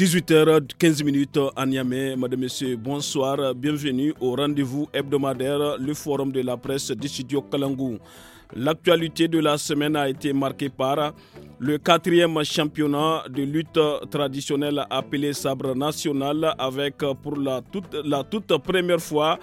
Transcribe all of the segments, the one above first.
18h15 à Niamey. Madame, Messieurs, bonsoir. Bienvenue au rendez-vous hebdomadaire, le forum de la presse du Kalangou. L'actualité de la semaine a été marquée par le quatrième championnat de lutte traditionnelle appelé Sabre National avec pour la toute, la toute première fois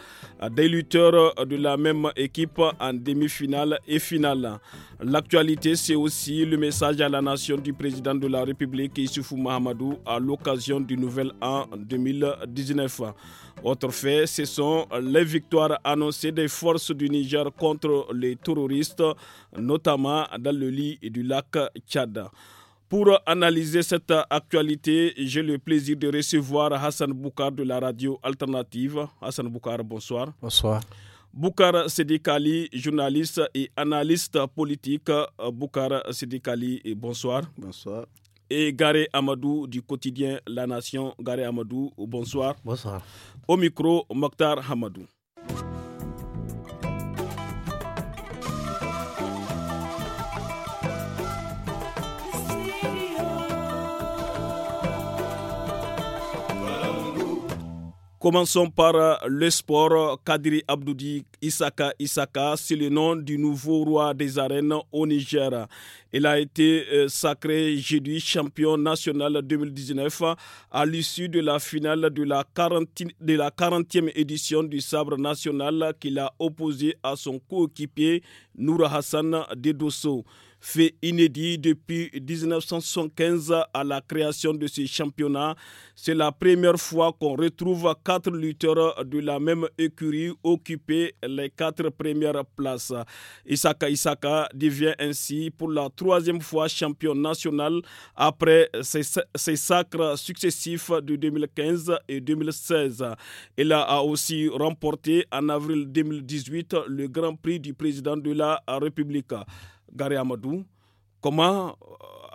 des lutteurs de la même équipe en demi-finale et finale. L'actualité, c'est aussi le message à la nation du président de la République, Issoufou Mahamadou, à l'occasion du nouvel an 2019. Autre fait, ce sont les victoires annoncées des forces du Niger contre les terroristes, notamment dans le lit du lac Tchad. Pour analyser cette actualité, j'ai le plaisir de recevoir Hassan Boukar de la radio alternative. Hassan Boukar, bonsoir. Bonsoir. Boukara Sedikali, journaliste et analyste politique. Euh, Boukar Sedikali, bonsoir. Bonsoir. Et Garé Amadou du quotidien La Nation. Garé Amadou, bonsoir. Bonsoir. Au micro, Mokhtar Hamadou. Commençons par euh, le sport. Kadri Abdoudi Isaka Isaka, c'est le nom du nouveau roi des arènes au Niger. Il a été euh, sacré jeudi champion national 2019 à l'issue de la finale de la, 40, e édition du sabre national qu'il a opposé à son coéquipier Noura Hassan Dedosso fait inédit depuis 1975 à la création de ce championnat. C'est la première fois qu'on retrouve quatre lutteurs de la même écurie occuper les quatre premières places. Isaka Isaka devient ainsi pour la troisième fois champion national après ses, sacres successifs de 2015 et 2016. Il a aussi remporté en avril 2018 le Grand Prix du président de la République. Gary Amadou, comment euh,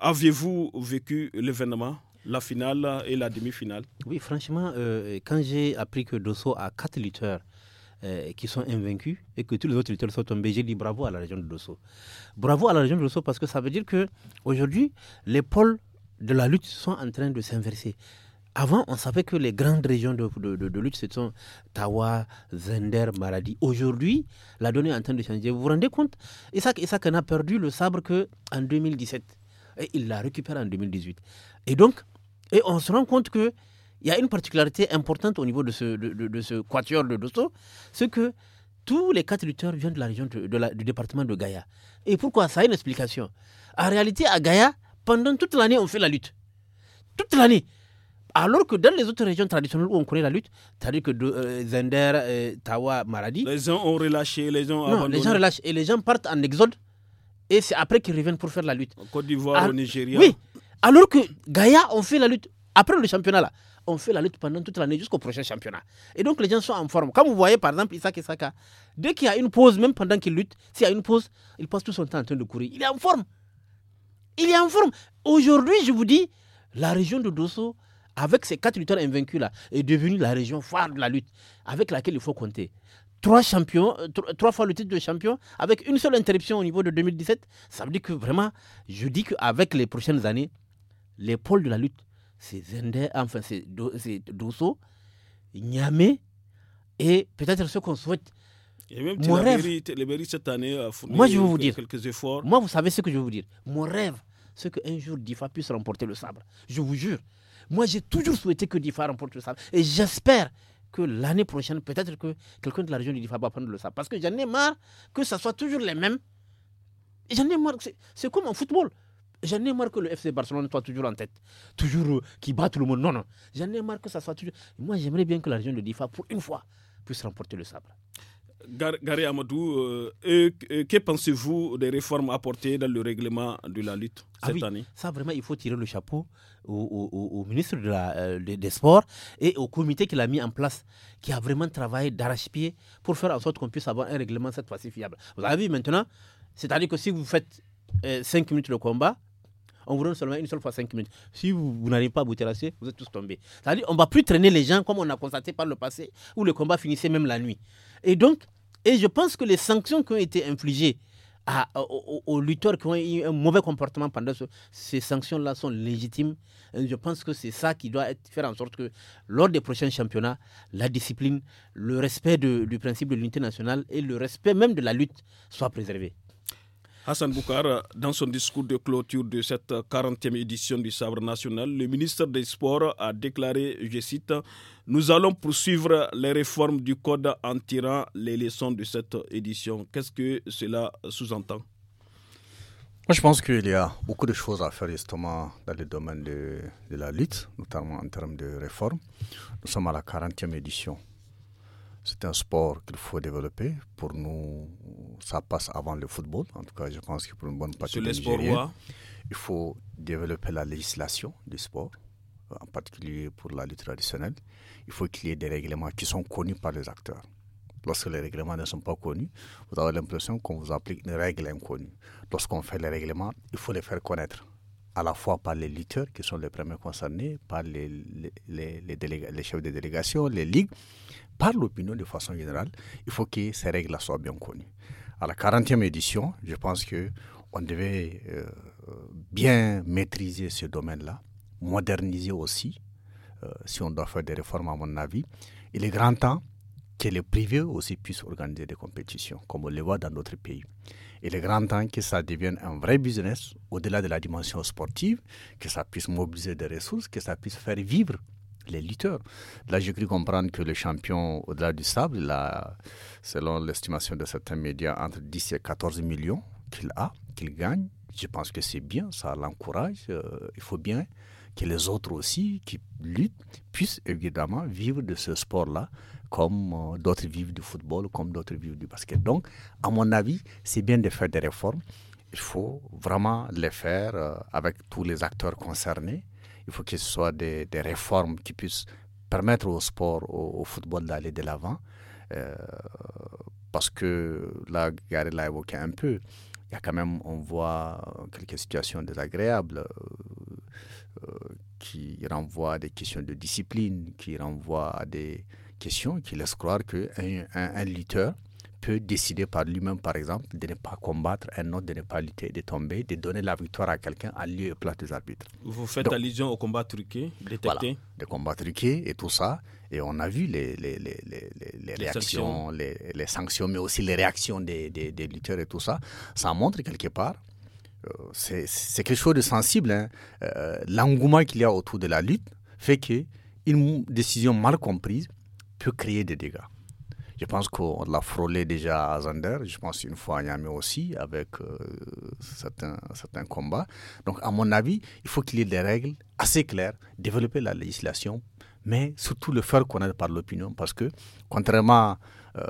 aviez-vous vécu l'événement la finale et la demi-finale Oui, franchement, euh, quand j'ai appris que Dosso a quatre lutteurs euh, qui sont invaincus et que tous les autres lutteurs sont tombés, j'ai dit bravo à la région de Dosso. Bravo à la région de Dosso parce que ça veut dire que aujourd'hui les pôles de la lutte sont en train de s'inverser. Avant, on savait que les grandes régions de, lutte, ce sont Tawa, Zender, Maradi. Aujourd'hui, la donnée est en train de changer. Vous vous rendez compte Isaac, Isaac n'a perdu le sabre que en 2017. Et il l'a récupéré en 2018. Et donc, et on se rend compte que il y a une particularité importante au niveau de ce, de, ce quatuor de Dosso, c'est que tous les quatre lutteurs viennent de la région de, la, du département de Gaïa. Et pourquoi Ça a une explication. En réalité, à Gaïa, pendant toute l'année, on fait la lutte. Toute l'année. Alors que dans les autres régions traditionnelles où on connaît la lutte, c'est-à-dire que euh, Zender, euh, Tawa, Maradi. Les gens ont relâché, les gens ont non, les gens relâchent et les gens partent en exode. Et c'est après qu'ils reviennent pour faire la lutte. En Côte d'Ivoire, ah, au Nigeria. Oui. Alors que Gaïa, on fait la lutte. Après le championnat, là, on fait la lutte pendant toute l'année jusqu'au prochain championnat. Et donc les gens sont en forme. Comme vous voyez, par exemple, Isaac Isaka, dès qu'il y a une pause, même pendant qu'il lutte, s'il y a une pause, il passe tout son temps en train de courir. Il est en forme. Il est en forme. Aujourd'hui, je vous dis, la région de Dosso, avec ces quatre lutteurs invaincus là, est devenue la région phare de la lutte, avec laquelle il faut compter. Trois champions, euh, trois, fois le titre de champion, avec une seule interruption au niveau de 2017, ça veut dire que vraiment, je dis qu'avec les prochaines années, les de la lutte, c'est Zender, enfin c'est Dosso, Nyame et peut-être ce qu'on souhaite. Et même mon rêve, cette année moi, je vous dire, efforts. Moi, vous savez ce que je veux vous dire. Mon rêve, c'est qu'un jour, Difa puisse remporter le sabre. Je vous jure. Moi, j'ai toujours souhaité que DIFA remporte le sable. Et j'espère que l'année prochaine, peut-être que quelqu'un de la région du DIFA va prendre le sable. Parce que j'en ai marre que ça soit toujours les mêmes. J'en ai marre. C'est comme en football. J'en ai marre que le FC Barcelone soit toujours en tête, toujours euh, qui bat tout le monde. Non, non. J'en ai marre que ça soit toujours. Moi, j'aimerais bien que la région de DIFA, pour une fois, puisse remporter le sabre. Gary Amadou, euh, que pensez-vous des réformes apportées dans le règlement de la lutte ah cette année Ça, vraiment, il faut tirer le chapeau au, ministre euh, des Sports et au comité qu'il a mis en place, qui a vraiment travaillé d'arrache-pied pour faire en sorte qu'on puisse avoir un règlement cette fois-ci fiable. Vous avez vu maintenant, c'est-à-dire que si vous faites 5 euh, minutes de combat, on vous donne seulement une seule fois 5 minutes. Si vous, n'arrivez pas à vous terrasser, vous êtes tous tombés. C'est-à-dire on ne va plus traîner les gens comme on a constaté par le passé, où le combat finissait même la nuit. Et donc, et je pense que les sanctions qui ont été infligées aux, lutteurs qui ont eu un mauvais comportement pendant ce, ces sanctions-là sont légitimes. je pense que c'est ça qui doit être, faire en sorte que lors des prochains championnats, la discipline, le respect du principe de l'unité nationale et le respect même de la lutte soient préservés. Hassan Boukar, dans son discours de clôture de cette 40e édition du Sabre national, le ministre des Sports a déclaré, je cite, Nous allons poursuivre les réformes du Code en tirant les leçons de cette édition. Qu'est-ce que cela sous-entend je pense qu'il y a beaucoup de choses à faire justement dans le domaine de, de la lutte, notamment en termes de réformes. Nous sommes à la 40e édition. C'est un sport qu'il faut développer. Pour nous, ça passe avant le football. En tout cas, je pense que pour une bonne partie Sur des il faut développer la législation du sport, en particulier pour la lutte traditionnelle. Il faut qu'il y ait des règlements qui sont connus par les acteurs. Lorsque les règlements ne sont pas connus, vous avez l'impression qu'on vous applique une règle inconnue. Lorsqu'on fait les règlements, il faut les faire connaître à la fois par les lutteurs qui sont les premiers concernés, par les chefs de délégation, les ligues, par l'opinion de façon générale, il faut que ces règles soient bien connues. À la 40e édition, je pense que on devait euh, bien maîtriser ce domaine-là, moderniser aussi, euh, si on doit faire des réformes à mon avis. Il est grand temps que les privés aussi puissent organiser des compétitions, comme on le voit dans d'autres pays. Il est grand temps que ça devienne un vrai business, au-delà de la dimension sportive, que ça puisse mobiliser des ressources, que ça puisse faire vivre les lutteurs. Là, j'ai cru comprendre que le champion au-delà du sable, là, selon l'estimation de certains médias, entre 10 et 14 millions qu'il a, qu'il gagne. Je pense que c'est bien, ça l'encourage. Euh, il faut bien que les autres aussi qui luttent puissent évidemment vivre de ce sport-là, comme euh, d'autres vivent du football, comme d'autres vivent du basket. Donc, à mon avis, c'est bien de faire des réformes. Il faut vraiment les faire euh, avec tous les acteurs concernés il faut que ce soit des, des réformes qui puissent permettre au sport, au, football d'aller de l'avant. Euh, parce que là, Gary l'a évoqué un peu. Il y a quand même, on voit quelques situations désagréables euh, euh, qui renvoient à des questions de discipline, qui renvoient à des questions qui laissent croire qu'un un, un lutteur peut décider par lui-même, par exemple, de ne pas combattre un autre, de ne pas lutter, de tomber, de donner la victoire à quelqu'un à lieu et place des arbitres. Vous faites allusion au combat truqué, détecté voilà, le combats et tout ça. Et on a vu les, les, les, les réactions, Les, sanctions, mais aussi les réactions des, des, lutteurs et tout ça. Ça montre quelque part euh, c'est quelque chose de sensible. Hein. Euh, l'engouement qu'il y a autour de la lutte fait qu'une décision mal comprise peut créer des dégâts. Je pense qu'on l'a frôlé déjà à Zander, je pense une fois à Niamey aussi, avec euh, certains, certains combats. Donc, à mon avis, il faut qu'il y ait des règles assez claires, développer la législation, mais surtout le faire connaître par l'opinion, parce que, contrairement, euh,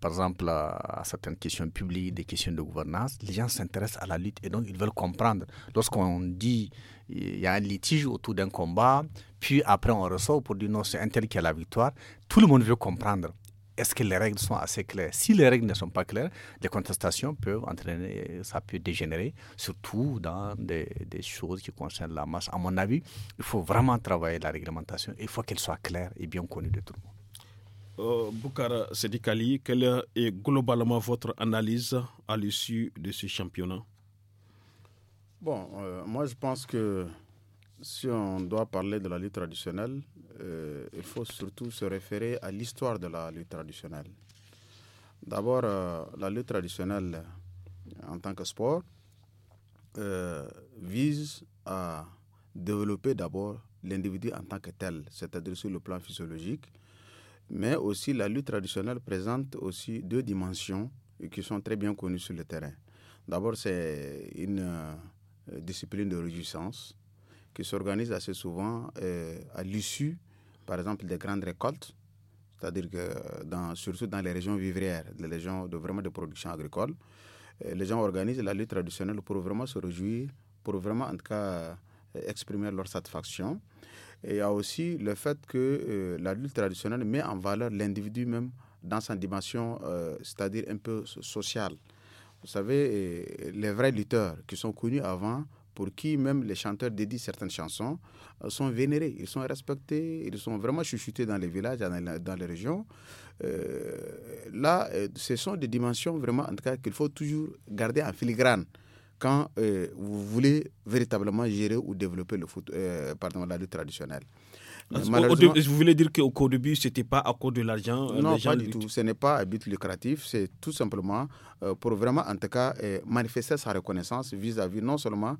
par exemple, à, certaines questions publiques, des questions de gouvernance, les gens s'intéressent à la lutte et donc ils veulent comprendre. Lorsqu'on dit il y a un litige autour d'un combat, puis après on ressort pour dire non, c'est un tel qui a la victoire, tout le monde veut comprendre est-ce que les règles sont assez claires Si les règles ne sont pas claires, les contestations peuvent entraîner, ça peut dégénérer, surtout dans des, choses qui concernent la masse. À mon avis, il faut vraiment travailler la réglementation. Il faut qu'elle soit claire et bien connue de tout le monde. Euh, Boukara Sedikali, quelle est globalement votre analyse à l'issue de ce championnat Bon, euh, moi je pense que si on doit parler de la lutte traditionnelle, euh, il faut surtout se référer à l'histoire de la lutte traditionnelle. D'abord, euh, la lutte traditionnelle en tant que sport euh, vise à développer d'abord l'individu en tant que tel, c'est-à-dire sur le plan physiologique, mais aussi la lutte traditionnelle présente aussi deux dimensions qui sont très bien connues sur le terrain. D'abord, c'est une discipline de résistance qui s'organise assez souvent à l'issue par exemple, des grandes récoltes, c'est-à-dire que dans, surtout dans les régions vivrières, les régions de, vraiment de production agricole, euh, les gens organisent la lutte traditionnelle pour vraiment se réjouir, pour vraiment en tout cas euh, exprimer leur satisfaction. Et il y a aussi le fait que euh, la lutte traditionnelle met en valeur l'individu même dans sa dimension, c'est-à-dire un peu sociale. Vous savez, les vrais lutteurs qui sont connus avant pour qui même les chanteurs dédient certaines chansons, euh, sont vénérés, ils sont respectés, ils sont vraiment chuchotés dans les villages, dans, les régions. Euh, là, euh, ce sont des dimensions vraiment, en tout cas, qu'il faut toujours garder en filigrane quand vous voulez véritablement gérer ou développer le foot, pardon, la lutte traditionnelle. Malheureusement... Vous voulez dire qu'au début, ce n'était pas à cause de l'argent euh, Non, pas du tout. Ce n'est pas un but lucratif. C'est tout simplement euh, pour vraiment, en tout cas, euh, manifester sa reconnaissance vis-à-vis non seulement,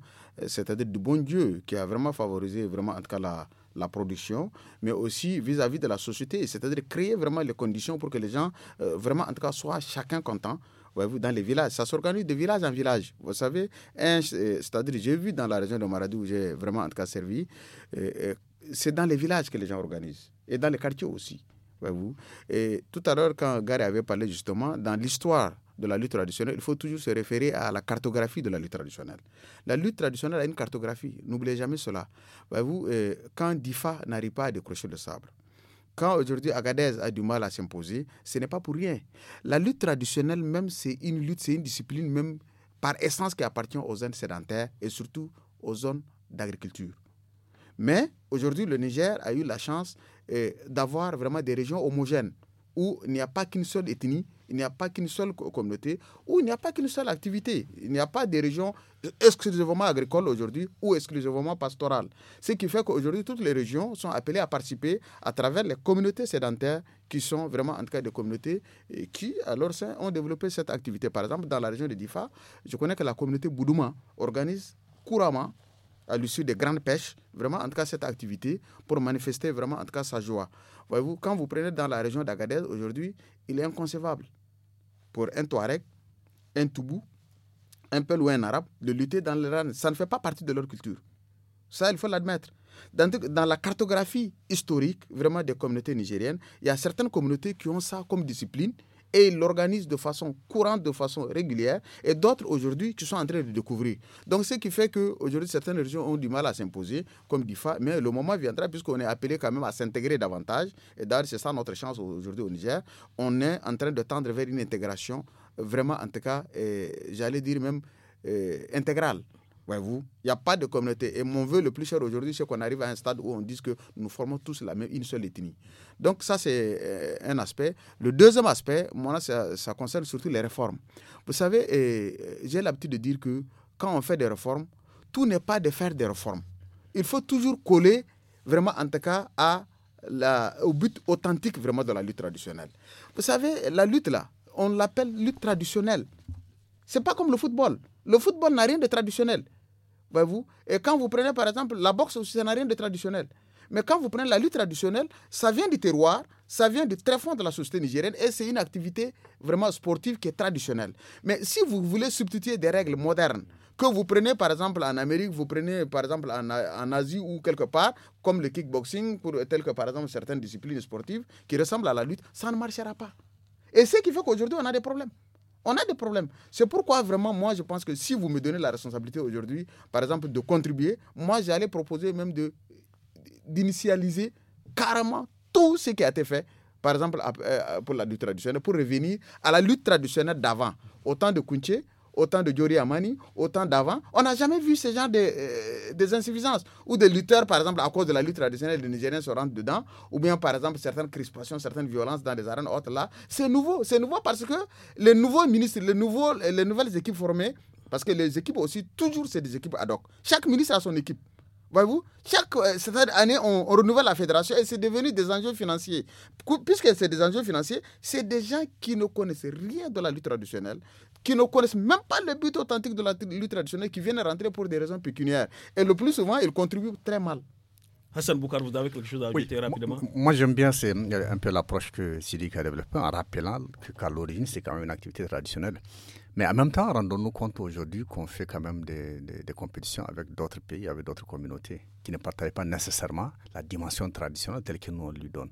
c'est-à-dire du bon Dieu qui a vraiment favorisé, vraiment, en tout cas, la, la production, mais aussi vis-à-vis de la société, c'est-à-dire créer vraiment les conditions pour que les gens, vraiment, en tout cas, soient chacun content. vous dans les villages, ça s'organise de village en village. Vous savez, c'est-à-dire, j'ai vu dans la région de Maradou où j'ai vraiment, en tout cas, servi, c'est dans les villages que les gens organisent et dans les quartiers aussi. Vous. Et tout à l'heure, quand Gary avait parlé justement, dans l'histoire de la lutte traditionnelle, il faut toujours se référer à la cartographie de la lutte traditionnelle. La lutte traditionnelle a une cartographie, n'oubliez jamais cela. Vous, euh, quand Difa n'arrive pas à décrocher le sabre, quand aujourd'hui Agadez a du mal à s'imposer, ce n'est pas pour rien. La lutte traditionnelle même, c'est une lutte, c'est une discipline même par essence qui appartient aux zones sédentaires et surtout aux zones d'agriculture. Mais aujourd'hui, le Niger a eu la chance euh, d'avoir vraiment des régions homogènes où il n'y a pas qu'une seule ethnie, il n'y a pas qu'une seule communauté, où il n'y a pas qu'une seule activité. Il n'y a pas des régions exclusivement agricoles aujourd'hui ou exclusivement pastorales. Ce qui fait qu'aujourd'hui, toutes les régions sont appelées à participer à travers les communautés sédentaires qui sont vraiment, en tout cas, des communautés et qui, à leur sein, ont développé cette activité. Par exemple, dans la région de Difa, je connais que la communauté Boudouma organise couramment à l'issue des grandes pêches, vraiment en tout cas cette activité pour manifester vraiment en tout cas sa joie. Voyez-vous, quand vous prenez dans la région d'Agadez aujourd'hui, il est inconcevable pour un Touareg, un Toubou, un Peul ou un Arabe de lutter dans le rangs, Ça ne fait pas partie de leur culture. Ça, il faut l'admettre. Dans, dans, la cartographie historique vraiment des communautés nigériennes, il y a certaines communautés qui ont ça comme discipline, et ils l'organisent de façon courante, de façon régulière, et d'autres aujourd'hui qui sont en train de découvrir. Donc ce qui fait qu'aujourd'hui certaines régions ont du mal à s'imposer, comme DIFA, mais le moment viendra puisqu'on est appelé quand même à s'intégrer davantage, et d'ailleurs c'est ça notre chance aujourd'hui au Niger, on est en train de tendre vers une intégration vraiment en tout cas, j'allais dire même euh, intégrale. Ouais vous il n'y a pas de communauté. Et mon vœu le plus cher aujourd'hui, c'est qu'on arrive à un stade où on dise que nous formons tous la même, une seule ethnie. Donc ça, c'est euh, un aspect. Le deuxième aspect, moi, ça, ça concerne surtout les réformes. Vous savez, euh, j'ai l'habitude de dire que quand on fait des réformes, tout n'est pas de faire des réformes. Il faut toujours coller, vraiment, en tout cas, à la, au but authentique, vraiment, de la lutte traditionnelle. Vous savez, la lutte, là, on l'appelle lutte traditionnelle. C'est pas comme le football. Le football n'a rien de traditionnel. Voyez-vous Et quand vous prenez par exemple la boxe ça n'a rien de traditionnel. Mais quand vous prenez la lutte traditionnelle, ça vient du terroir, ça vient du très fond de la société nigérienne et c'est une activité vraiment sportive qui est traditionnelle. Mais si vous voulez substituer des règles modernes, que vous prenez par exemple en Amérique, vous prenez par exemple en, Asie ou quelque part, comme le kickboxing, pour, tel que par exemple certaines disciplines sportives qui ressemblent à la lutte, ça ne marchera pas. Et c'est ce qui fait qu'aujourd'hui on a des problèmes on a des problèmes. C'est pourquoi vraiment, moi, je pense que si vous me donnez la responsabilité aujourd'hui, par exemple, de contribuer, moi, j'allais proposer même de d'initialiser carrément tout ce qui a été fait, par exemple, euh, pour la lutte traditionnelle, pour revenir à la lutte traditionnelle d'avant. Au temps de Kunche, autant de Jori Amani, autant d'avant. On n'a jamais vu ce genre de, euh, des insuffisances. Ou des lutteurs, par exemple, à cause de la lutte traditionnelle, les Nigériens se rentrent dedans. Ou bien, par exemple, certaines crispations, certaines violences dans des arènes hautes là. C'est nouveau. C'est nouveau parce que les nouveaux ministres, les, nouveaux, les nouvelles équipes formées, parce que les équipes aussi, toujours, c'est des équipes ad hoc. Chaque ministre a son équipe. Voyez-vous Chaque, euh, cette année, on, renouvelle la fédération et c'est devenu des enjeux financiers. Puisque c'est des enjeux financiers, c'est des gens qui ne connaissent rien de la lutte traditionnelle, qui ne connaissent même pas le but authentique de la lutte traditionnelle, qui viennent rentrer pour des raisons pécuniaires. Et le plus souvent, ils contribuent très mal Hassan Boukar, vous avez quelque chose à ajouter rapidement Moi, j'aime bien c'est euh, un peu l'approche que Sidique a développée en rappelant qu'à l'origine, c'est quand même une activité traditionnelle. Mais en même temps, rendons-nous compte aujourd'hui qu'on fait quand même des, compétitions avec d'autres pays, avec d'autres communautés qui ne partagent pas nécessairement la dimension traditionnelle telle que nous on lui donne.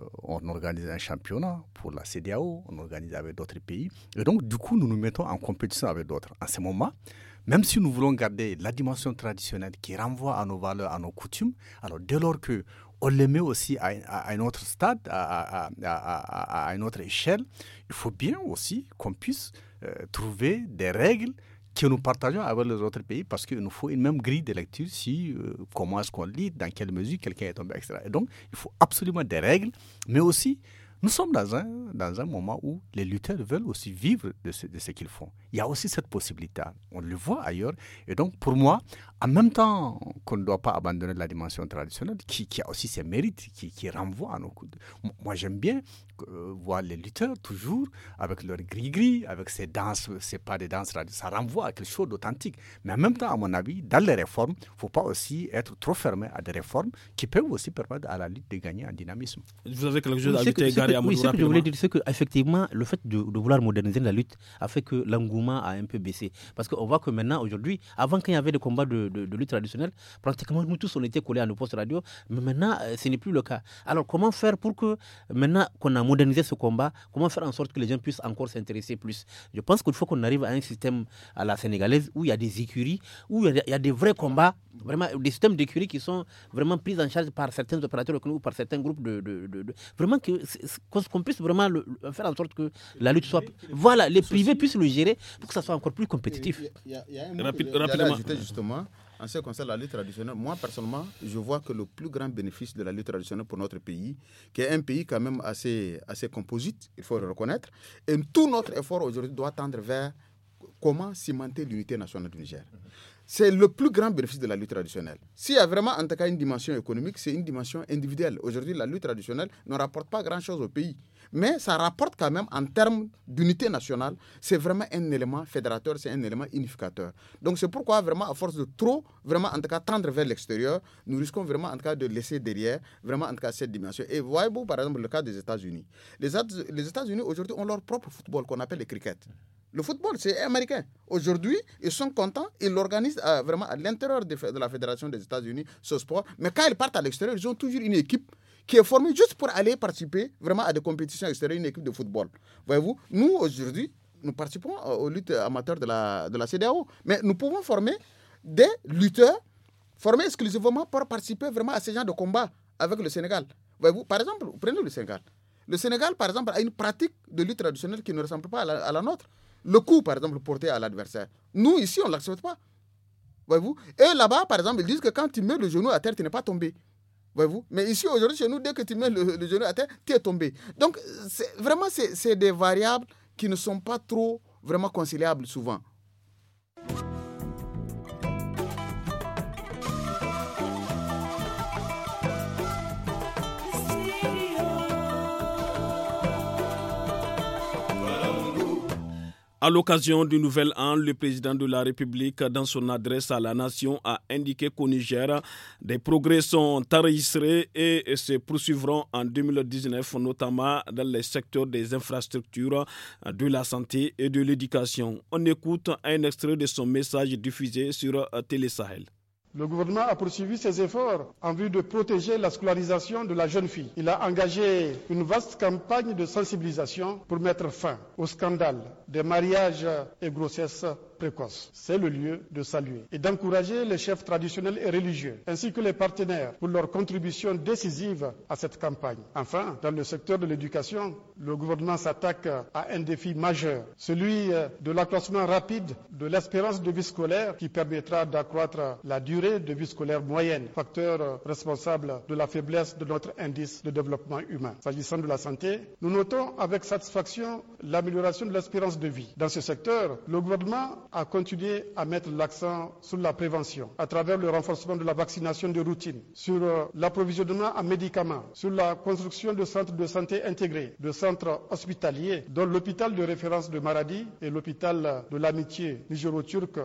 Euh, on organise un championnat pour la CDAO, on organise avec d'autres pays. Et donc, du coup, nous nous mettons en compétition avec d'autres. En ce moment, même si nous voulons garder la dimension traditionnelle qui renvoie à nos valeurs, à nos coutumes, alors dès lors que on les met aussi à, un autre stade, à, une autre échelle, il faut bien aussi qu'on puisse euh, trouver des règles que nous partageons avec les autres pays parce qu'il nous faut une même grille de lecture si euh, comment est-ce qu'on lit, dans quelle mesure quelqu'un est tombé, etc. Et donc, il faut absolument des règles, mais aussi nous sommes dans un, dans un moment où les lutteurs veulent aussi vivre de ce, de ce qu'ils font. Il y a aussi cette possibilité. On le voit ailleurs. Et donc, pour moi, en même temps qu'on ne doit pas abandonner la dimension traditionnelle, qui, a aussi ses mérites, qui, qui renvoie à nos coups. Moi, j'aime bien euh, voir les lutteurs toujours avec leur gris-gris, avec ces danses, ces pas des danses Ça renvoie à quelque chose d'authentique. Mais en même temps, à mon avis, dans les réformes, il ne faut pas aussi être trop fermé à des réformes qui peuvent aussi permettre à la lutte de gagner en dynamisme. Vous avez quelque chose à ajouter, que, oui, ce que je voulais dire, c'est qu'effectivement, le fait de, vouloir moderniser la lutte a fait que l'engouement a un peu baissé. Parce qu'on voit que maintenant, aujourd'hui, avant qu'il y avait des combats de, de, lutte traditionnelle, pratiquement nous tous, on était collés à nos postes radio. Mais maintenant, euh, ce n'est plus le cas. Alors, comment faire pour que, maintenant qu'on a modernisé ce combat, comment faire en sorte que les gens puissent encore s'intéresser plus Je pense qu'il faut qu'on arrive à un système à la sénégalaise où il y a des écuries, où il y a, des vrais combats, vraiment des systèmes d'écuries qui sont vraiment pris en charge par certains opérateurs ou par certains groupes de, de vraiment que qu'on puisse vraiment le, faire en sorte que la lutte soit. Voilà, les privés puissent le gérer pour que ça soit encore plus compétitif. rapidement. Ajouter justement, en ce qui concerne la lutte traditionnelle, moi personnellement, je vois que le plus grand bénéfice de la lutte traditionnelle pour notre pays, qui est un pays quand même assez, assez composite, il faut le reconnaître, et tout notre effort aujourd'hui doit tendre vers comment cimenter l'unité nationale du Niger. C'est le plus grand bénéfice de la lutte traditionnelle. S'il y a vraiment, en tout cas, une dimension économique, c'est une dimension individuelle. Aujourd'hui, la lutte traditionnelle ne rapporte pas grand-chose au pays. Mais ça rapporte quand même, en termes d'unité nationale, c'est vraiment un élément fédérateur, c'est un élément unificateur. Donc c'est pourquoi, vraiment, à force de trop, vraiment, en tout cas, tendre vers l'extérieur, nous risquons vraiment, en tout cas, de laisser derrière, vraiment, en tout cas, cette dimension. Et voyez-vous, par exemple, le cas des États-Unis. Les, les États-Unis, aujourd'hui, ont leur propre football qu'on appelle le cricket. Le football, c'est américain. Aujourd'hui, ils sont contents, ils l'organisent euh, vraiment à l'intérieur de, la Fédération des États-Unis, ce sport. Mais quand ils partent à l'extérieur, ils ont toujours une équipe qui est formée juste pour aller participer vraiment à des compétitions extérieures, une équipe de football. Voyez-vous, nous, aujourd'hui, nous participons euh, aux luttes amateurs de la, de la CDAO. Mais nous pouvons former des lutteurs formés exclusivement pour participer vraiment à ces gens de combat avec le Sénégal. Voyez-vous, par exemple, prenez le Sénégal. Le Sénégal, par exemple, a une pratique de lutte traditionnelle qui ne ressemble pas à la nôtre le coup, par exemple, porté à l'adversaire. Nous, ici, on ne l'accepte pas. Voyez-vous Et là-bas, par exemple, ils disent que quand tu mets le genou à terre, tu n'es pas tombé. Voyez-vous Mais ici, aujourd'hui, chez nous, dès que tu mets le, genou à terre, tu es tombé. Donc, vraiment, c'est des variables qui ne sont pas trop vraiment conciliables souvent. À l'occasion du nouvel an, le président de la République, dans son adresse à la nation, a indiqué qu'au Niger, des progrès sont enregistrés et se poursuivront en 2019, notamment dans les secteurs des infrastructures, de la santé et de l'éducation. On écoute un extrait de son message diffusé sur Télé Sahel. Le gouvernement a poursuivi ses efforts en vue de protéger la scolarisation de la jeune fille. Il a engagé une vaste campagne de sensibilisation pour mettre fin au scandale des mariages et grossesses c'est le lieu de saluer et d'encourager les chefs traditionnels et religieux, ainsi que les partenaires, pour leur contribution décisive à cette campagne. Enfin, dans le secteur de l'éducation, le gouvernement s'attaque à un défi majeur, celui euh, de l'accroissement rapide de l'espérance de vie scolaire qui permettra d'accroître la durée de vie scolaire moyenne, facteur euh, responsable de la faiblesse de notre indice de développement humain. S'agissant de la santé, nous notons avec satisfaction l'amélioration de l'espérance de vie. Dans ce secteur, le gouvernement à continuer à mettre l'accent sur la prévention à travers le renforcement de la vaccination de routine, sur euh, l'approvisionnement en médicaments, sur la construction de centres de santé intégrés, de centres hospitaliers, dont l'hôpital de référence de Maradi et l'hôpital de l'amitié nigéro-turque.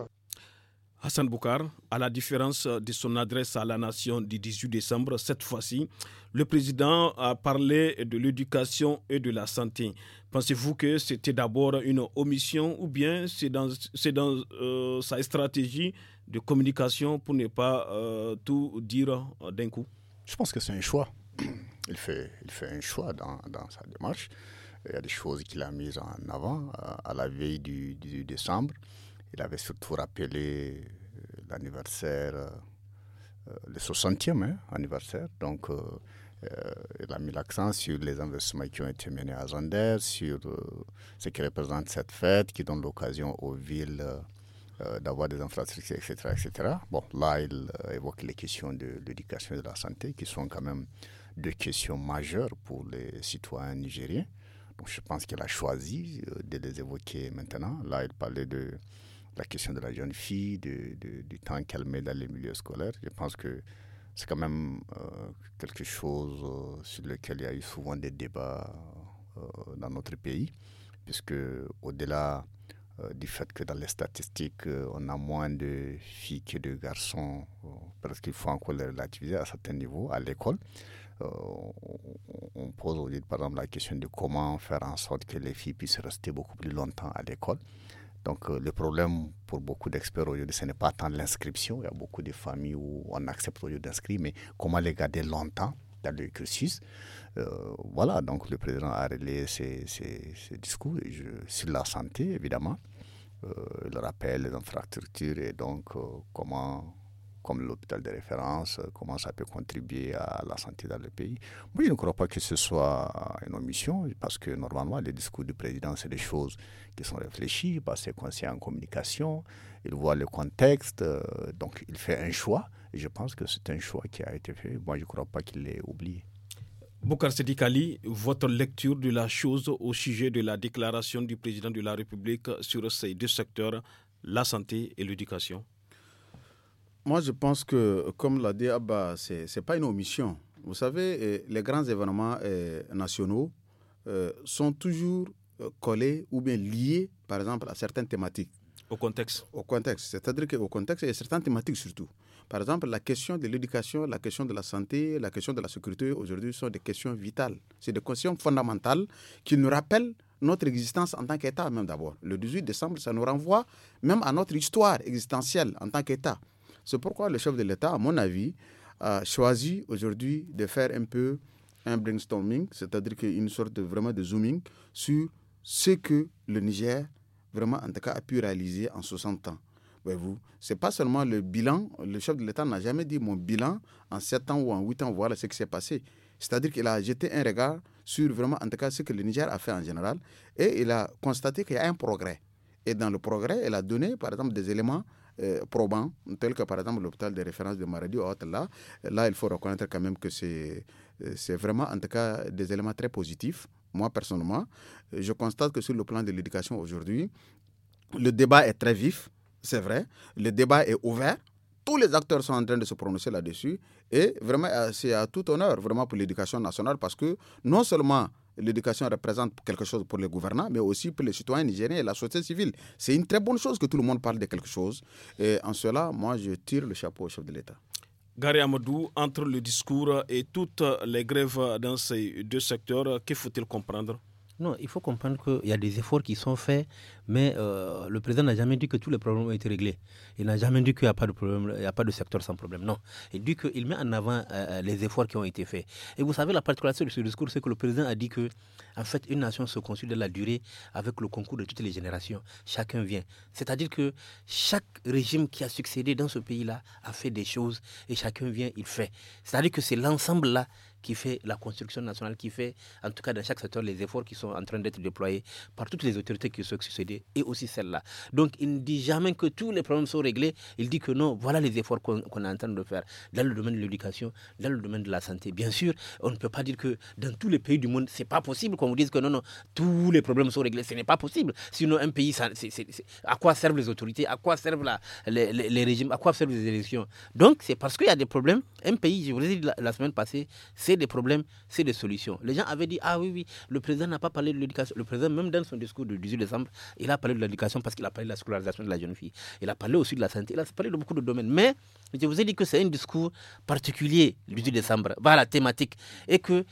Hassan Boukar, à la différence de son adresse à la nation du 18 décembre, cette fois-ci, le président a parlé de l'éducation et de la santé. Pensez-vous que c'était d'abord une omission ou bien c'est dans, dans euh, sa stratégie de communication pour ne pas euh, tout dire d'un coup Je pense que c'est un choix. Il fait, il fait un choix dans, dans sa démarche. Il y a des choses qu'il a mises en avant euh, à la veille du 18 décembre. Il avait surtout rappelé euh, l'anniversaire, euh, euh, le 60e hein, anniversaire. Donc, il a mis l'accent sur les investissements qui ont été menés à Zander, sur ce qui représente cette fête, qui donne l'occasion aux villes d'avoir des infrastructures, etc., etc. Bon, là, il évoque les questions de l'éducation et de la santé, qui sont quand même deux questions majeures pour les citoyens nigériens. Donc, je pense qu'il a choisi de les évoquer maintenant. Là, il parlait de la question de la jeune fille, du temps qu'elle met dans les milieux scolaires. Je pense que c'est quand même euh, quelque chose euh, sur lequel il y a eu souvent des débats euh, dans notre pays, puisque au-delà du fait que dans les statistiques, on a moins de filles que de garçons, parce qu'il faut encore les relativiser à certains niveaux, à l'école. on pose par exemple la question de comment faire en sorte que les filles puissent rester beaucoup plus longtemps à l'école. Donc euh, le problème pour beaucoup d'experts aujourd'hui, ce n'est pas tant l'inscription. Il y a beaucoup de familles où on accepte au lieu d'inscrire, mais comment les garder longtemps dans le cursus. Euh, voilà, donc le président a relayé ses, discours sur la santé, évidemment. Euh, le rappel des infrastructures et donc comment comme l'hôpital de référence, euh, comment ça peut contribuer à la santé dans le pays. Moi, je ne crois pas que ce soit une omission, parce que normalement, les discours du président, c'est des choses qui sont réfléchies, par ses conscient en communication, il voit le contexte, euh, donc il fait un choix, et je pense que c'est un choix qui a été fait. Moi, je ne crois pas qu'il l'ait oublié. Boukar Sedikali, votre lecture de la chose au sujet de la déclaration du président de la République sur ces deux secteurs, la santé et l'éducation moi, je pense que, comme l'a dit Abba, ce n'est pas une omission. Vous savez, euh, les grands événements euh, nationaux euh, sont toujours collés ou bien liés, par exemple, à certaines thématiques. Au contexte. Au contexte. C'est-à-dire qu'au contexte, il y a certaines thématiques surtout. Par exemple, la question de l'éducation, la question de la santé, la question de la sécurité aujourd'hui sont des questions vitales. C'est des questions fondamentales qui nous rappellent notre existence en tant qu'État, même d'abord. Le 18 décembre, ça nous renvoie même à notre histoire existentielle en tant qu'État. C'est pourquoi le chef de l'État, à mon avis, a choisi aujourd'hui de faire un peu un brainstorming, c'est-à-dire une sorte vraiment de zooming sur ce que le Niger, vraiment, en tout cas, a pu réaliser en 60 ans. Voyez-vous, c'est pas seulement le bilan, le chef de l'État n'a jamais dit mon bilan en 7 ans ou en 8 ans, voilà ce qui s'est passé. C'est-à-dire qu'il a jeté un regard sur vraiment, en tout cas, ce que le Niger a fait en général et il a constaté qu'il y a un progrès. Et dans le progrès, il a donné, par exemple, des éléments euh, probants, tels que par exemple l'hôpital de référence de Maradi ou autre, là, là, il faut reconnaître quand même que c'est euh, c'est vraiment en tout cas des éléments très positifs. Moi, personnellement, je constate que sur le plan de l'éducation aujourd'hui, le débat est très vif, c'est vrai. Le débat est ouvert. Tous les acteurs sont en train de se prononcer là-dessus. Et vraiment, euh, c'est à tout honneur, vraiment, pour l'éducation nationale, parce que non seulement l'éducation représente quelque chose pour les gouvernants, mais aussi pour les citoyens nigériens et la société civile. C'est une très bonne chose que tout le monde parle de quelque chose. Et en cela, moi, je tire le chapeau au chef de l'État. Gary Amadou, entre le discours et toutes les grèves dans ces deux secteurs, que faut-il comprendre non, il faut comprendre qu'il y a des efforts qui sont faits, mais euh, le président n'a jamais dit que tous les problèmes ont été réglés. Il n'a jamais dit qu'il n'y a pas de problème, il n'y a pas de secteur sans problème. Non, il dit qu'il met en avant euh, euh, les efforts qui ont été faits. Et vous savez, la particularité de ce discours, c'est que le président a dit que, en fait, une nation se construit de la durée avec le concours de toutes les générations. Chacun vient. C'est-à-dire que chaque régime qui a succédé dans ce pays-là a fait des choses et chacun vient, il fait. C'est-à-dire que c'est l'ensemble là qui fait la construction nationale, qui fait, en tout cas dans chaque secteur, les efforts qui sont en train d'être déployés par toutes les autorités qui se sont succédées et aussi celle-là. Donc il ne dit jamais que tous les problèmes sont réglés. Il dit que non, voilà les efforts qu'on est en train de faire dans le domaine de l'éducation, dans le domaine de la santé. Bien sûr, on ne peut pas dire que dans tous les pays du monde, c'est pas possible qu'on vous dise que non, non, tous les problèmes sont réglés. Ce n'est pas possible. Sinon, un pays, à quoi servent les autorités À quoi servent les, régimes À quoi servent les élections Donc c'est parce qu'il y a des problèmes. Un pays, je vous l'ai dit la semaine passée, c'est des problèmes, c'est des solutions. Les gens avaient dit, ah oui, oui, le président n'a pas parlé de l'éducation. Le président, même dans son discours du 18 décembre, il a parlé de l'éducation parce qu'il a parlé de la scolarisation de la jeune fille. Il a parlé aussi de la santé, il a parlé de beaucoup de domaines. Mais je vous ai dit que c'est un discours particulier, le 18 décembre, par la thématique. Et que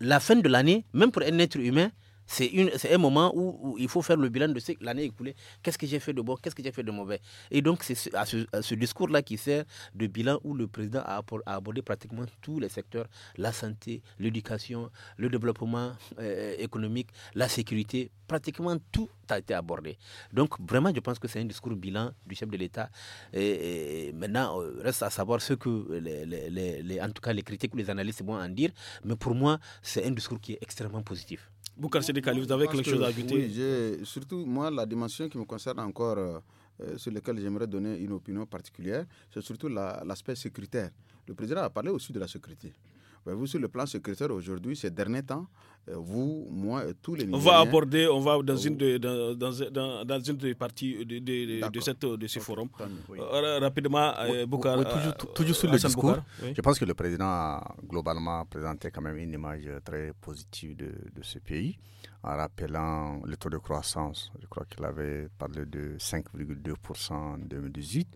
la fin de l'année, même pour un être humain, c'est un moment où, il faut faire le bilan de l'année écoulée. Qu'est-ce que j'ai fait de bon Qu'est-ce que j'ai fait de mauvais Et donc, c'est ce, ce, discours-là qui sert de bilan où le président a, abordé pratiquement tous les secteurs la santé, l'éducation, le développement euh, économique, la sécurité. Pratiquement tout a été abordé. Donc, vraiment, je pense que c'est un discours bilan du chef de l'État. Et, et, maintenant, euh, reste à savoir ce que, en tout cas, les critiques ou les analystes vont en dire. Mais pour moi, c'est un discours qui est extrêmement positif vous avez quelque chose à ajouter Oui, surtout moi, la dimension qui me concerne encore, euh, euh, sur laquelle j'aimerais donner une opinion particulière, c'est surtout l'aspect sécuritaire. Le président a parlé aussi de la sécurité. Bah, vous, sur le plan secrétaire, aujourd'hui, ces derniers temps, euh, vous, moi, et tous les ministres. On va aborder, on va dans, euh, une, de, dans, dans, dans, une des parties de, de, de de ce forum. Euh, rapidement, oui, toujours, sur le discours, je pense que le président a globalement présenté quand même une image très positive de, de ce pays en rappelant le taux de croissance. Je crois qu'il avait parlé de 5,2% en 2018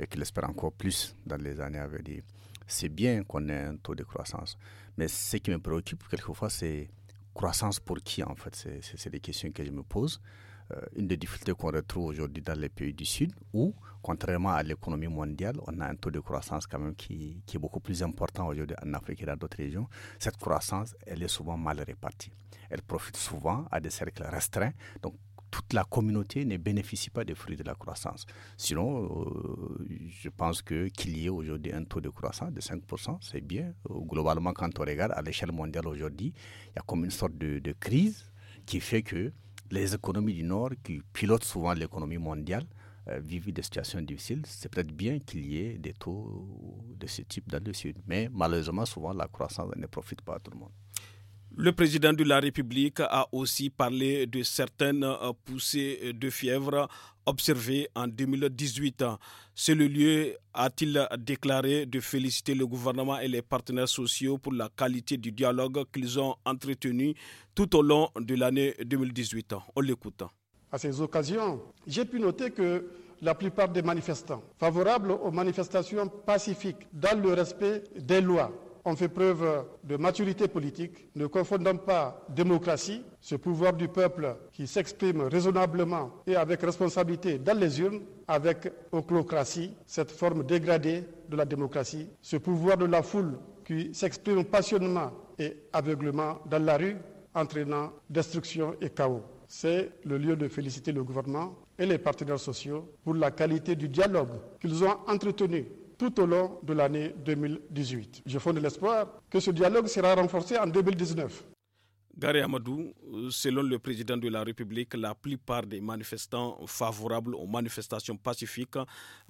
et qu'il espère encore plus dans les années à venir c'est bien qu'on ait un taux de croissance. Mais ce qui me préoccupe quelquefois, c'est croissance pour qui en fait C'est des questions que je me pose. Euh, une des difficultés qu'on retrouve aujourd'hui dans les pays du Sud, où, contrairement à l'économie mondiale, on a un taux de croissance quand même qui, qui est beaucoup plus important aujourd'hui en Afrique et dans d'autres régions, cette croissance, elle est souvent mal répartie. Elle profite souvent à des cercles restreints, donc toute la communauté ne bénéficie pas des fruits de la croissance. Sinon, euh, je pense que qu'il y ait aujourd'hui un taux de croissance de 5%, c'est bien. Euh, globalement, quand on regarde à l'échelle mondiale aujourd'hui, il y a comme une sorte de, crise qui fait que les économies du Nord, qui pilotent souvent l'économie mondiale, euh, vivent des situations difficiles. C'est peut-être bien qu'il y ait des taux de ce type dans le Sud. Mais malheureusement, souvent, la croissance ne profite pas à tout le monde. Le président de la République a aussi parlé de certaines euh, poussées de fièvre observées en 2018. C'est le lieu, a-t-il déclaré, de féliciter le gouvernement et les partenaires sociaux pour la qualité du dialogue qu'ils ont entretenu tout au long de l'année 2018. On l'écoute. À ces occasions, j'ai pu noter que la plupart des manifestants favorables aux manifestations pacifiques dans le respect des lois on fait preuve de maturité politique, ne confondant pas démocratie, ce pouvoir du peuple qui s'exprime raisonnablement et avec responsabilité dans les urnes, avec oclocratie, cette forme dégradée de la démocratie, ce pouvoir de la foule qui s'exprime passionnément et aveuglement dans la rue, entraînant destruction et chaos. C'est le lieu de féliciter le gouvernement et les partenaires sociaux pour la qualité du dialogue qu'ils ont entretenu tout au long de l'année 2018. Je fonde l'espoir que ce dialogue sera renforcé en 2019. Gary Amadou, selon le président de la République, la plupart des manifestants favorables aux manifestations pacifiques,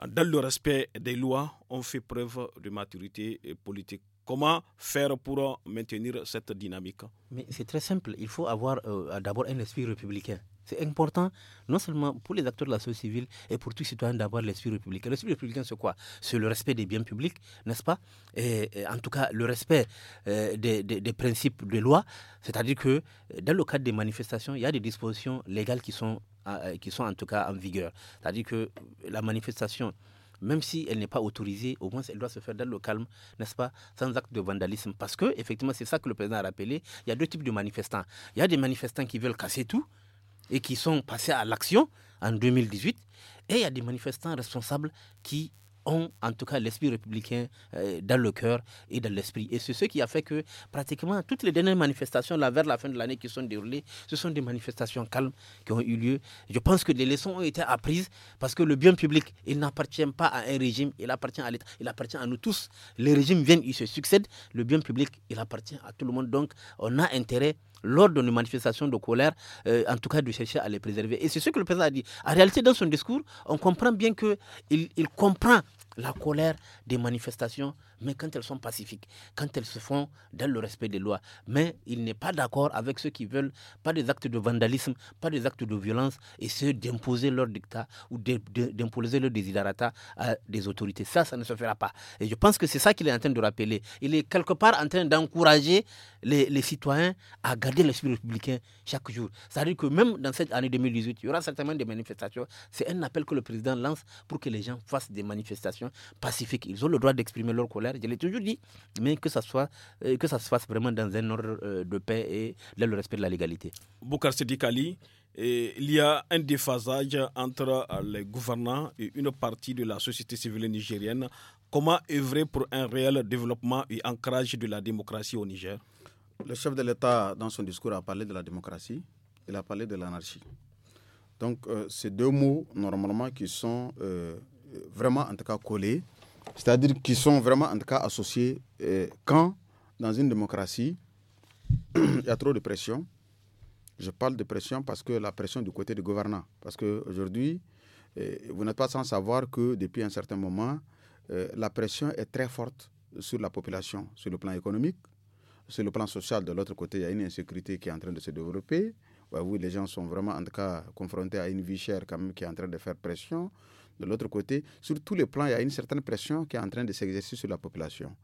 dans le respect des lois, ont fait preuve de maturité politique Comment faire pour maintenir cette dynamique Mais c'est très simple. Il faut avoir euh, d'abord un esprit républicain. C'est important, non seulement pour les acteurs de la société civile et pour tous les citoyens, d'avoir l'esprit républicain. L'esprit républicain, c'est quoi C'est le respect des biens publics, n'est-ce pas et, en tout cas, le respect euh, des, des, principes de loi. C'est-à-dire que euh, dans le cadre des manifestations, il y a des dispositions légales qui sont, qui sont en tout cas en vigueur. C'est-à-dire que la manifestation même si elle n'est pas autorisée, au moins elle doit se faire dans le calme, n'est-ce pas, sans acte de vandalisme. Parce que, effectivement, c'est ça que le président a rappelé, il y a deux types de manifestants. Il y a des manifestants qui veulent casser tout et qui sont passés à l'action en 2018, et il y a des manifestants responsables qui ont en tout cas l'esprit républicain euh, dans le cœur et dans l'esprit. Et c'est ce qui a fait que pratiquement toutes les dernières manifestations là, vers la fin de l'année qui sont déroulées, ce sont des manifestations calmes qui ont eu lieu. Je pense que les leçons ont été apprises parce que le bien public, il n'appartient pas à un régime, il appartient à l'État, il appartient à nous tous. Les régimes viennent, ils se succèdent. Le bien public, il appartient à tout le monde. Donc, on a intérêt lors de nos manifestations de colère, euh, en tout cas de chercher à les préserver. Et c'est ce que le président a dit. En réalité, dans son discours, on comprend bien qu'il il comprend la colère des manifestations, mais quand elles sont pacifiques, quand elles se font dans le respect des lois. Mais il n'est pas d'accord avec ceux qui veulent pas des actes de vandalisme, pas des actes de violence, et ceux d'imposer leur dictat ou d'imposer leur desiderata à des autorités. Ça, ça ne se fera pas. Et je pense que c'est ça qu'il est en train de rappeler. Il est quelque part en train d'encourager les, citoyens à garder l'esprit républicain chaque jour. C'est-à-dire que même dans cette année 2018, il y aura certainement des manifestations. C'est un appel que le président lance pour que les gens fassent des manifestations pacifiques. Ils ont le droit d'exprimer leur colère, je l'ai toujours dit, mais que ça, euh, que ça se fasse vraiment dans un ordre euh, de paix et dans le respect de la légalité. Boukar Sedikali, il y a un déphasage entre euh, les gouvernants et une partie de la société civile nigérienne. Comment œuvrer pour un réel développement et ancrage de la démocratie au Niger le chef de l'État, dans son discours, a parlé de la démocratie, il a parlé de l'anarchie. Donc, euh, ces deux mots, normalement, qui sont euh, vraiment, en tout cas, collés, c'est-à-dire qui sont vraiment, en tout cas, associés euh, quand, dans une démocratie, il y a trop de pression. Je parle de pression parce que la pression du côté du gouvernant. Parce qu'aujourd'hui, vous n'êtes pas sans savoir que depuis un certain moment, la pression est très forte sur la population, sur le plan économique, sur le plan social, de l'autre côté, il y a une insécurité qui est en train de se développer. oui, les gens sont vraiment, en tout cas, confrontés à une vie chère quand même qui est en train de faire pression. De l'autre côté, sur tous les plans, il y a une certaine pression qui est en train de s'exercer sur la population.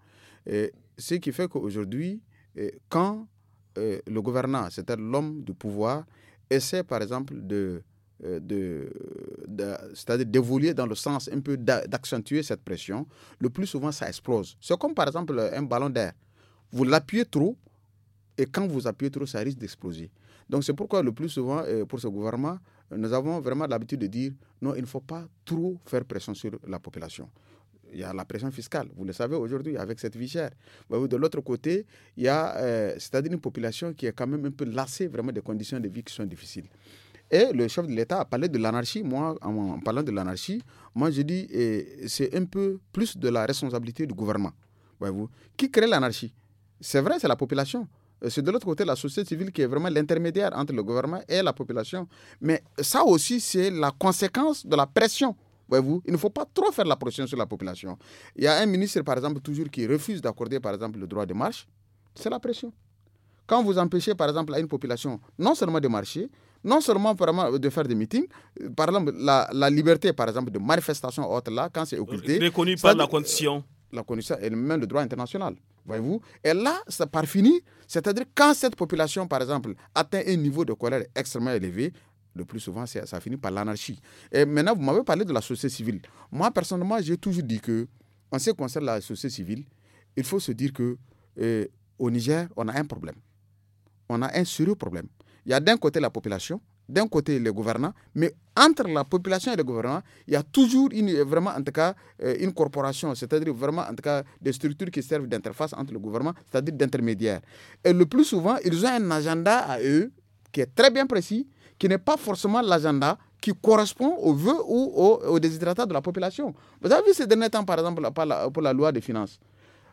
Et ce qui fait qu'aujourd'hui, eh, quand eh, le gouvernant, c'est-à-dire l'homme du pouvoir, essaie par exemple de eh, de, de d'évoluer dans le sens un peu d'accentuer cette pression, le plus souvent ça explose. C'est comme par exemple un ballon d'air. Vous l'appuyez trop, et quand vous appuyez trop, ça risque d'exploser. Donc c'est pourquoi le plus souvent, euh, pour ce gouvernement, euh, nous avons vraiment l'habitude de dire, non, il ne faut pas trop faire pression sur la population il y a la pression fiscale, vous le savez aujourd'hui avec cette vie chère. de l'autre côté, il y a euh, c'est-à-dire une population qui est quand même un peu lassée vraiment des conditions de vie qui sont difficiles. Et le chef de l'État a parlé de l'anarchie. Moi, en, parlant de l'anarchie, moi je dis c'est un peu plus de la responsabilité du gouvernement. qui crée l'anarchie c'est vrai, c'est la population. Euh, c'est de l'autre côté la société civile qui est vraiment l'intermédiaire entre le gouvernement et la population. Mais ça aussi, c'est la conséquence de la pression. Voyez-vous, il ne faut pas trop faire la pression sur la population. Il y a un ministre, par exemple, toujours qui refuse d'accorder, par exemple, le droit de marche. C'est la pression. Quand vous empêchez, par exemple, à une population non seulement de marcher, non seulement de faire des meetings, euh, par exemple, la, liberté, par exemple, de manifestation autre là, quand c'est occulté. Euh, Reconnu par la condition. La condition et même le droit international. Voyez-vous Et là, ça par fini, c'est-à-dire quand cette population, par exemple, atteint un niveau de colère extrêmement élevé, le plus souvent, ça finit par l'anarchie. Et maintenant, vous m'avez parlé de la société civile. Moi, personnellement, j'ai toujours dit que, en ce qui concerne la société civile, il faut se dire que euh, au Niger, on a un problème. On a un sérieux problème. Il y a d'un côté la population, d'un côté les gouvernants, mais entre la population et le gouvernement, il y a toujours une, vraiment, en tout cas, euh, une corporation, c'est-à-dire vraiment, en tout cas, des structures qui servent d'interface entre le gouvernement, c'est-à-dire d'intermédiaire. Et le plus souvent, ils ont un agenda à eux qui est très bien précis, qui n'est pas forcément l'agenda qui correspond aux vœux ou aux, aux de la population. Vous avez vu ces derniers temps, par exemple, pour la loi des finances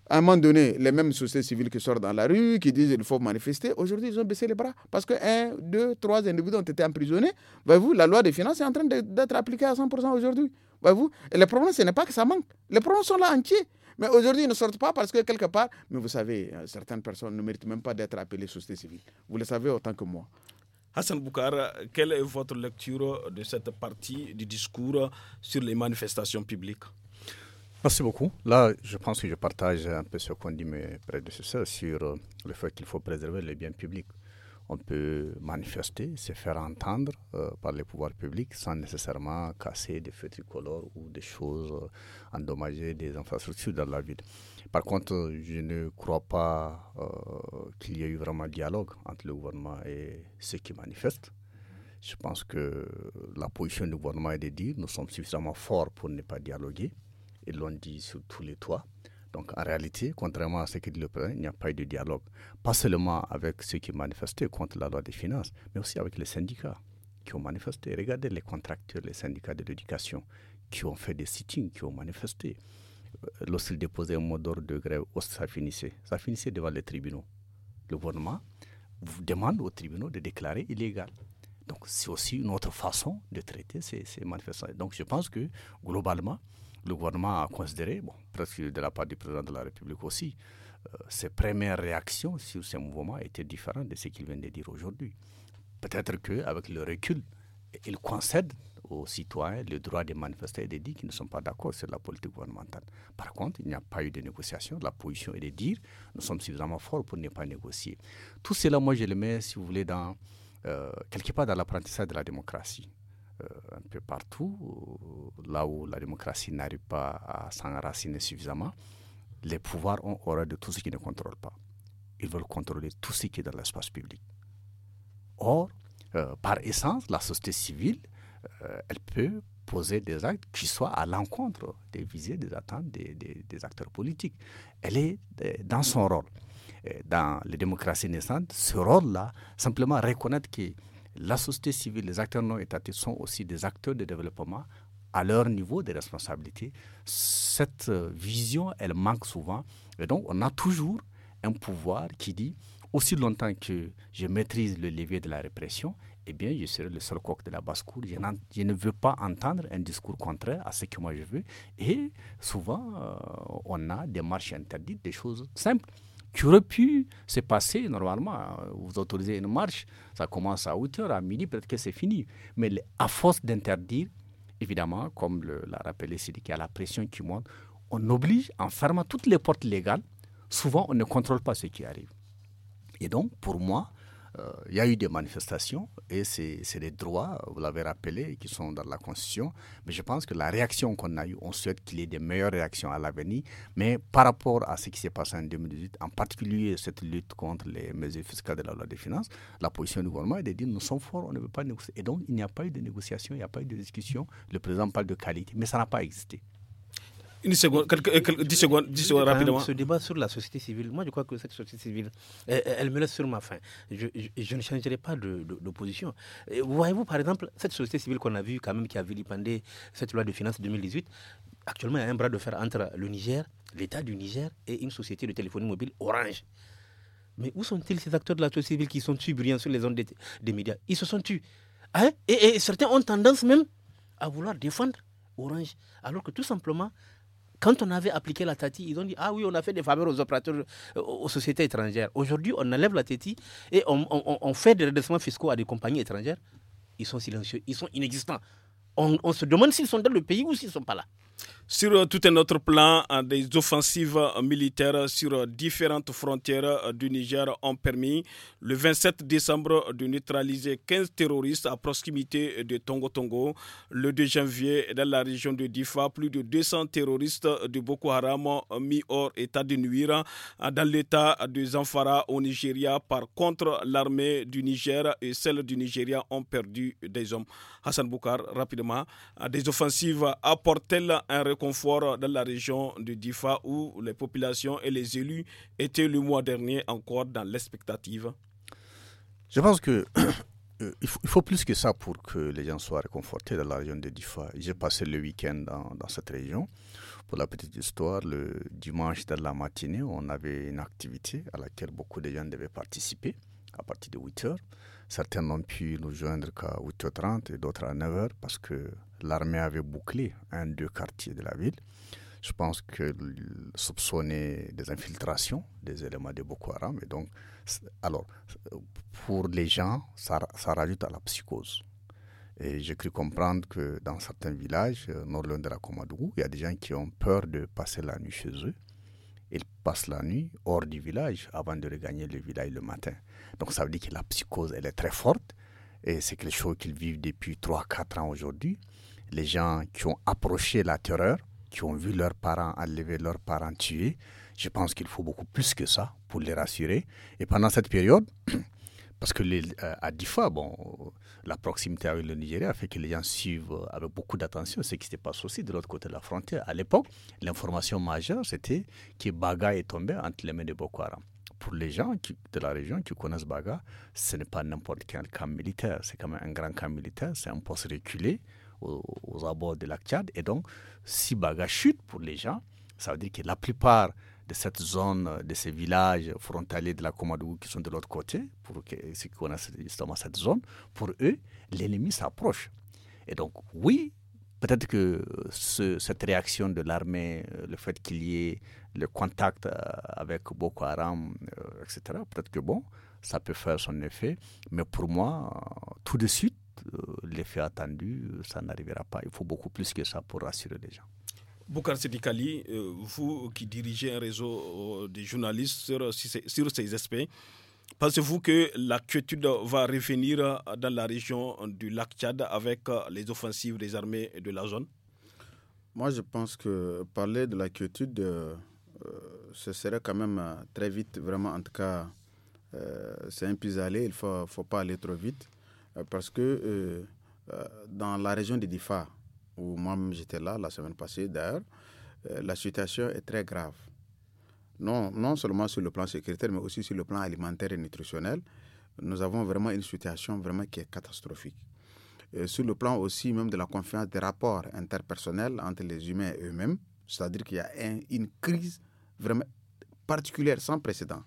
à un moment donné, les mêmes sociétés civiles qui sortent dans la rue, qui disent qu'il faut manifester, aujourd'hui, ils ont baissé les bras. Parce que un, deux, trois individus ont été emprisonnés. Voyez-vous, la loi des finances est en train d'être appliquée à 100% aujourd'hui. Voyez-vous, et le problème, ce n'est pas que ça manque. Les problèmes sont là entiers. Mais aujourd'hui, ils ne sortent pas parce que quelque part, mais vous savez, euh, certaines personnes ne méritent même pas d'être appelées sociétés civiles. Vous le savez autant que moi. Hassan Boukar, quelle est votre lecture de cette partie du discours sur les manifestations publiques Merci beaucoup. Là, je pense que je partage un peu ce qu'ont dit mes prédécesseurs sur euh, le fait qu'il faut préserver les biens publics. On peut manifester, se faire entendre euh, par les pouvoirs publics sans nécessairement casser des feux tricolores ou des choses, euh, endommager des infrastructures dans la ville. Par contre, je ne crois pas qu'il y ait eu vraiment dialogue entre le gouvernement et ceux qui manifestent. Je pense que la position du gouvernement est de dire nous sommes suffisamment forts pour ne pas dialoguer ils l'ont dit sur tous les toits. Donc en réalité, contrairement à ce que dit le président, il n'y a pas eu de dialogue, pas seulement avec ceux qui manifestaient contre la loi des finances, mais aussi avec les syndicats qui ont manifesté. Regardez les contracteurs, les syndicats de l'éducation qui ont fait des sittings, qui ont manifesté. Euh, lorsqu'ils déposaient un mot d'ordre de grève, oh, ça finissait. Ça finissait devant les tribunaux. Le gouvernement demande aux tribunaux de déclarer illégal. Donc c'est aussi une autre façon de traiter ces, manifestants Donc je pense que globalement, le gouvernement a considéré, bon, presque de la part du président de la République aussi, euh, ses premières réactions sur ces mouvements étaient différentes de ce qu'il vient de dire aujourd'hui. Peut-être qu'avec le recul, il concède aux citoyens le droit de manifester et de dire qu'ils ne sont pas d'accord sur la politique gouvernementale. Par contre, il n'y a pas eu de négociation. La position est de dire nous sommes suffisamment forts pour ne pas négocier. Tout cela, moi, je le mets, si vous voulez, dans, euh, quelque part dans l'apprentissage de la démocratie. Euh, un peu partout, euh, là où la démocratie n'arrive pas à s'enraciner suffisamment, les pouvoirs ont horreur de tout ce qu'ils ne contrôlent pas. Ils veulent contrôler tout ce qui est dans l'espace public. Or, euh, par essence, la société civile, elle peut poser des actes qui soient à l'encontre des visées, des attentes des, des, des, acteurs politiques. Elle est dans son rôle. Dans les démocraties naissantes, ce rôle-là, simplement reconnaître que la société civile, les acteurs non étatiques sont aussi des acteurs de développement à leur niveau de responsabilité. Cette euh, vision, elle manque souvent. Et donc, on a toujours un pouvoir qui dit, aussi longtemps que je maîtrise le levier de la répression, eh bien, je serai le seul coq de la basse-cour. Je, ne veux pas entendre un discours contraire à ce que moi je veux. Et souvent, euh, on a des marches interdites, des choses simples qui aurait pu se passer normalement. Vous autorisez une marche, ça commence à hauteur, à midi, peut-être que c'est fini. Mais à force d'interdire, évidemment, comme l'a rappelé y à la pression qui monte, on oblige, en fermant toutes les portes légales, souvent on ne contrôle pas ce qui arrive. Et donc, pour moi, euh, il y a eu des manifestations et c'est des droits, vous l'avez rappelé, qui sont dans la Constitution. Mais je pense que la réaction qu'on a eue, on souhaite qu'il y ait des meilleures réactions à l'avenir. Mais par rapport à ce qui s'est passé en 2018, en particulier cette lutte contre les mesures fiscales de la loi des finances, la position du gouvernement est de dire nous sommes forts, on ne veut pas négocier. Et donc il n'y a pas eu de négociation, il n'y a pas eu de discussion. Le président parle de qualité, mais ça n'a pas existé une seconde, quelques, secondes, rapidement. Ce débat sur la société civile, moi je crois que cette société civile, elle, me laisse sur ma faim. Je, ne changerai pas de, position. Voyez-vous par exemple, cette société civile qu'on a vue quand même qui a vilipendé cette loi de finances 2018, actuellement il y a un bras de fer entre le Niger, l'État du Niger et une société de téléphonie mobile Orange. Mais où sont-ils ces acteurs de la société civile qui sont tués brillants sur les ondes des, médias Ils se sont tués. Hein? et certains ont tendance même à vouloir défendre Orange. Alors que tout simplement, quand on avait appliqué la TATI, ils ont dit Ah oui, on a fait des faveurs aux opérateurs, euh, aux sociétés étrangères. Aujourd'hui, on enlève la TATI et on, fait des redressements fiscaux à des compagnies étrangères. Ils sont silencieux, ils sont inexistants. On, on se demande s'ils sont dans le pays ou s'ils ne sont pas là. Sur euh, tout un autre plan, euh, des offensives euh, militaires sur différentes frontières du Niger ont permis le 27 décembre de neutraliser 15 terroristes à proximité de Tongo Tongo. Le 2 janvier, dans la région de Difa, plus de 200 terroristes de Boko Haram ont mis hors état de nuire dans l'état de Zamfara au Nigeria. Par contre, l'armée du Niger et celle du Nigeria ont perdu des hommes. Hassan Boukar, rapidement, des offensives apportent-elles un réconfort dans la région de Difa où les populations et les élus étaient le mois dernier encore dans l'expectative Je pense que euh, il, faut, plus que ça pour que les gens soient réconfortés dans la région de Difa. J'ai passé le week-end dans, cette région. Pour la petite histoire, le dimanche dans la matinée, on avait une activité à laquelle beaucoup de gens devaient participer à partir de 8 h Certains n'ont pu nous joindre qu'à 8h30 et d'autres à 9h parce que l'armée avait bouclé un deux quartiers de la ville. Je pense que soupçonnaient des infiltrations des éléments de Boko Haram. donc, alors, pour les gens, ça, ça rajoute à la psychose. Et j'ai cru comprendre que dans certains villages, euh, nord de la Komadougou, il y a des gens qui ont peur de passer la nuit chez eux. Ils passent la nuit hors du village avant de regagner le village le matin. Donc ça veut dire que la psychose, elle est très forte. Et c'est quelque chose qu'ils vivent depuis 3-4 ans aujourd'hui les gens qui ont approché la terreur, qui ont vu leurs parents enlever leurs parents tués. Je pense qu'il faut beaucoup plus que ça pour les rassurer. Et pendant cette période, parce que les, euh, à bon, la proximité avec le Nigeria fait que les gens suivent avec beaucoup d'attention ce qui se passe aussi de l'autre côté de la frontière. À l'époque, l'information majeure, c'était que Baga est tombé entre les mains de Boko Haram. Pour les gens de la région qui connaissent Baga, ce n'est pas n'importe quel camp militaire. C'est quand même un grand camp militaire, c'est un poste reculé aux, abords de la Et donc, si Baga chute pour les gens, ça veut dire que la plupart de cette zone, de ces villages frontaliers de la Komadou qui sont de l'autre côté, pour ceux qui connaissent justement cette zone, pour eux, l'ennemi s'approche. Et donc, oui, peut-être que cette réaction de l'armée, le fait qu'il y ait le contact euh, avec Boko Haram, euh, etc., peut-être que bon, ça peut faire son effet. Mais pour moi, euh, tout de suite, euh, l'effet attendu, euh, ça n'arrivera pas. Il faut beaucoup plus que ça pour rassurer les gens. Boukar Sedikali, euh, vous qui dirigez un réseau de journalistes sur, ces aspects, pensez-vous que la va revenir dans la région du lac Tchad avec les offensives des armées de la zone Moi, je pense que parler de la ce serait quand même très vite, vraiment, en tout cas, c'est un pis-aller, il ne faut, pas aller trop vite. Euh, parce que euh, euh, dans la région de Difa, où moi-même j'étais là la semaine passée d'ailleurs, la situation est très grave. Non, non seulement sur le plan sécuritaire, mais aussi sur le plan alimentaire et nutritionnel. Nous avons vraiment une situation vraiment qui est catastrophique. sur le plan aussi même de la confiance des rapports interpersonnels entre les humains eux-mêmes, c'est-à-dire qu'il y a une crise vraiment particulière, sans précédent.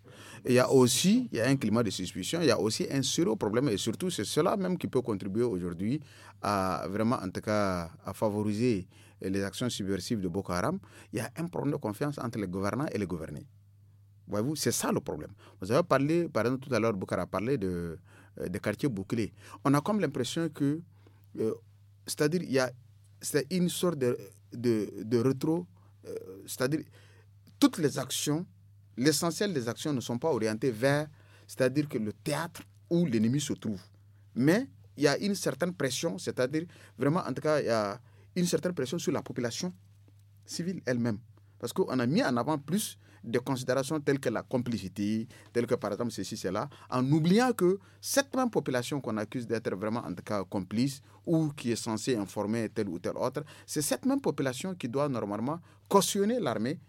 il y a aussi il y a un climat de suspicion, il y a aussi un sérieux problème, et surtout c'est cela même qui peut contribuer aujourd'hui à vraiment, en tout cas, à favoriser les actions subversives de Boko Haram. Il y a un problème de confiance entre les gouvernants et les gouvernés. Voyez-vous, c'est ça le problème. Vous avez parlé, par exemple, tout à l'heure, Boko a parlé de, euh, quartiers bouclés. On a comme l'impression que, euh, c'est-à-dire, il y a c'est une sorte de, de, de retro, euh, c'est-à-dire, toutes les actions l'essentiel des actions ne sont pas orientées vers, c'est-à-dire que le théâtre où l'ennemi se trouve. Mais il y a une certaine pression, c'est-à-dire vraiment, en tout cas, il y a une certaine pression sur la population civile elle-même. Parce qu'on a mis en avant plus de considérations telles que la complicité, telles que par exemple ceci, cela, en oubliant que cette même population qu'on accuse d'être vraiment en tout cas complice ou qui est censée informer tel ou tel autre, c'est cette même population qui doit normalement cautionner l'armée,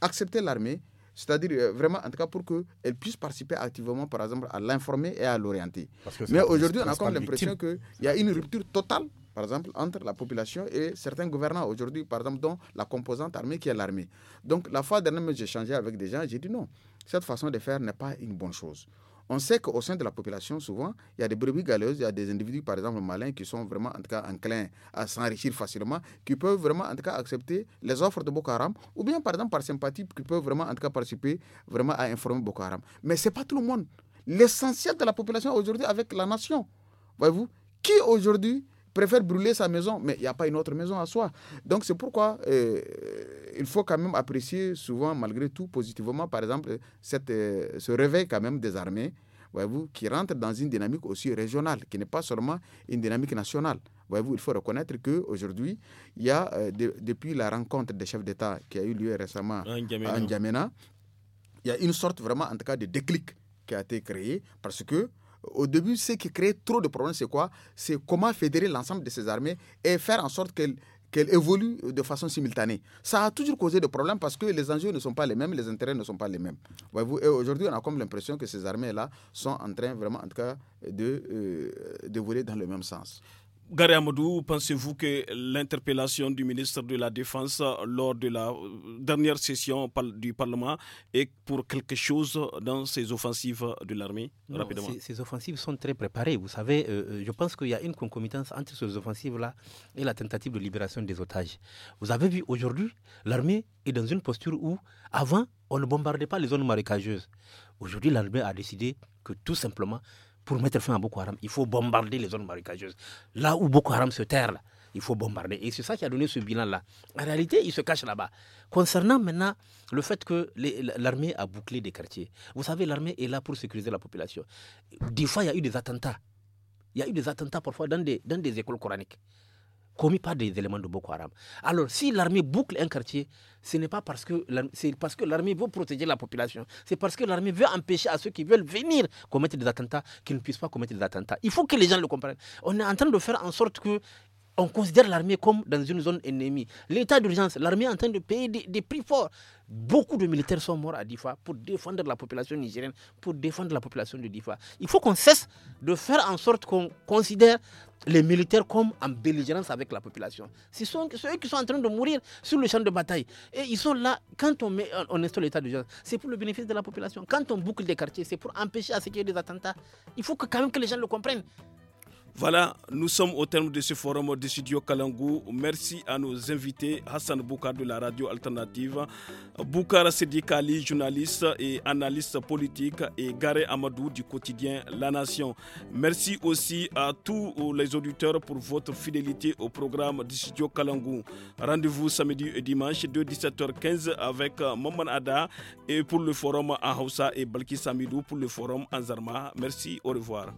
accepter l'armée c'est-à-dire, euh, vraiment, en tout cas, pour qu'elle puisse participer activement, par exemple, à l'informer et à l'orienter. Mais aujourd'hui, on a comme l'impression qu'il y a une rupture totale par exemple, entre la population et certains gouvernants aujourd'hui, par exemple, dont la composante armée qui est l'armée. Donc, la fois dernière, j'ai échangé avec des gens, j'ai dit non, cette façon de faire n'est pas une bonne chose. On sait qu'au sein de la population, souvent, il y a des brebis galeuses, il y a des individus, par exemple, malins, qui sont vraiment, en tout cas, enclins à s'enrichir facilement, qui peuvent vraiment, en tout cas, accepter les offres de Boko Haram, ou bien, par exemple, par sympathie, qui peuvent vraiment, en tout cas, participer vraiment à informer Boko Haram. Mais ce n'est pas tout le monde. L'essentiel de la population aujourd'hui avec la nation, voyez-vous, qui aujourd'hui préfère brûler sa maison, mais il n'y a pas une autre maison à soi. Donc c'est pourquoi euh, il faut quand même apprécier souvent, malgré tout, positivement, par exemple, cette, euh, ce réveil quand même des armées, voyez-vous, qui rentre dans une dynamique aussi régionale, qui n'est pas seulement une dynamique nationale. Voyez-vous, il faut reconnaître qu'aujourd'hui, il y a, euh, depuis la rencontre des chefs d'État qui a eu lieu récemment à N'Djamena, il y a une sorte vraiment, en tout cas, de déclic qui a été créé parce que au début, ce qui crée trop de problèmes, c'est quoi C'est comment fédérer l'ensemble de ces armées et faire en sorte qu'elles évoluent de façon simultanée. Ça a toujours causé des problèmes parce que les enjeux ne sont pas les mêmes, les intérêts ne sont pas les mêmes. et aujourd'hui, on a comme l'impression que ces armées-là sont en train vraiment, en tout cas, de, euh, de voler dans le même sens. Gary Amadou, pensez-vous que l'interpellation du ministre de la Défense lors de la euh, dernière session du Parlement est pour quelque chose dans ces offensives de l'armée Rapidement. Ces, offensives sont très préparées. Vous savez, euh, euh, je pense qu'il y a une concomitance entre ces offensives-là et la tentative de libération des otages. Vous avez vu aujourd'hui, l'armée est dans une posture où, avant, on ne bombardait pas les zones marécageuses. Aujourd'hui, l'armée a décidé que tout simplement, pour mettre fin à Boko Haram, il faut bombarder les zones marécageuses. Là où Boko Haram se terre, il faut bombarder. Et c'est ça qui a donné ce bilan-là. En réalité, il se cache là-bas. Concernant maintenant le fait que l'armée a bouclé des quartiers, vous savez, l'armée est là pour sécuriser la population. Des fois, il y a eu des attentats. Il y a eu des attentats parfois dans des écoles coraniques commis par des éléments de Boko Haram. Alors, si l'armée boucle un quartier, ce n'est pas parce que c'est parce que l'armée veut protéger la population, c'est parce que l'armée veut empêcher à ceux qui veulent venir commettre des attentats qu'ils ne puissent pas commettre des attentats. Il faut que les gens le comprennent. On est en train de faire en sorte que on considère l'armée comme dans une zone ennemie. L'état d'urgence, l'armée est en train de payer des, prix forts. Beaucoup de militaires sont morts à Difa pour défendre la population nigérienne, pour défendre la population de Difa. Il faut qu'on cesse de faire en sorte qu'on considère les militaires comme en belligérance avec la population. Ce sont ceux qui sont en train de mourir sur le champ de bataille. Et ils sont là, quand on, met, on installe l'état d'urgence, c'est pour le bénéfice de la population. Quand on boucle des quartiers, c'est pour empêcher à ce qu'il y ait des attentats. Il faut quand même que les gens le comprennent. Voilà, nous sommes au terme de ce forum de Studio Kalangou. Merci à nos invités, Hassan Boukar de la radio alternative, Boukar Sedikali, journaliste et analyste politique, et Garé Amadou du quotidien La Nation. Merci aussi à tous les auditeurs pour votre fidélité au programme de Studio Kalangou. Rendez-vous samedi et dimanche de 17h15 avec Maman Ada et pour le forum en et Balki Samidou pour le forum Anzarma. Zarma. Merci, au revoir.